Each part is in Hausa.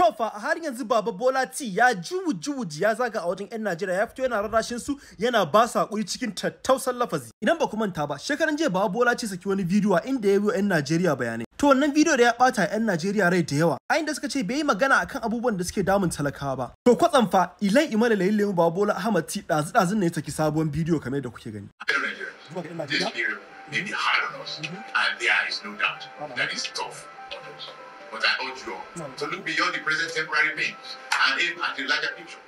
to fa har yanzu baba bola T ya juwu juwu ya zaga a wajen ƴan najeriya ya fito yana rarrashin su yana ba su hakuri cikin tattausan lafazi idan ba ku manta ba shekaran jiya baba bola T saki wani bidiyo inda ya biyo ƴan najeriya bayanai to wannan bidiyo da ya bata ƴan najeriya rai da yawa a inda suka ce bai yi magana akan abubuwan da suke damun talakawa ba to kwatsam fa ilai imala layin lemu baba bola ahmad T ɗazu dazun ne ya saki sabuwar bidiyo kamar da kuke gani zuwa ga Najeriya. In the heart of us, Mm-hmm. and there is no doubt mm-hmm. that it's tough on us. But I urge you all mm-hmm. to look beyond the present temporary pain and aim at the larger picture.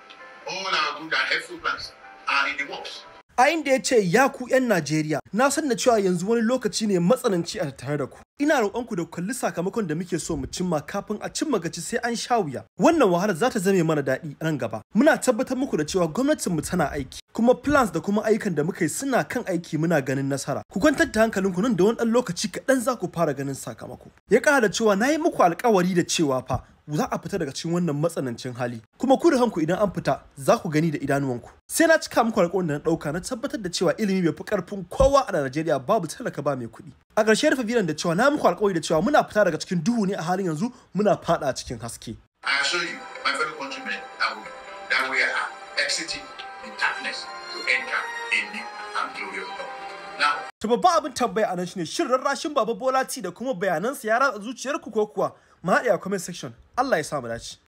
All our good and helpful plans are in the works. A inda ya ce ya ku 'yan Najeriya, na san da cewa yanzu wani lokaci ne matsananci a tattare da ku. Ina roƙonku da kalli sakamakon da muke so mu cimma kafin a cimma gaci sai an sha wuya. Wannan wahala za ta zame mana daɗi nan gaba. Muna tabbatar muku da cewa gwamnatinmu tana aiki. kuma plans da kuma ayyukan da muka yi suna kan aiki muna ganin nasara ku kwantar da hankalinku nan da wani ɗan lokaci kaɗan za ku fara ganin sakamako ya ƙara da cewa na yi muku alkawari da cewa fa za a fita daga cikin wannan matsanancin hali kuma ku da hanku idan an fita za ku gani da idanuwanku sai na cika muku alƙawarin da na ɗauka na tabbatar da cewa ilimi bai fi ƙarfin kowa a Najeriya babu talaka ba mai kuɗi a ƙarshe rufe bidiyon da cewa na muku alƙawari da cewa muna fita daga cikin duhu ne a halin yanzu muna faɗa cikin haske I assure you, my fellow countrymen, that we, that we are exiting to babba abin tambaya a nan shine shin rarrashin Baba Bola T da kuma bayanansa ya ratsa zuciyarku ko kuwa? Mu haɗe a comment section. Allah ya sa mu dace.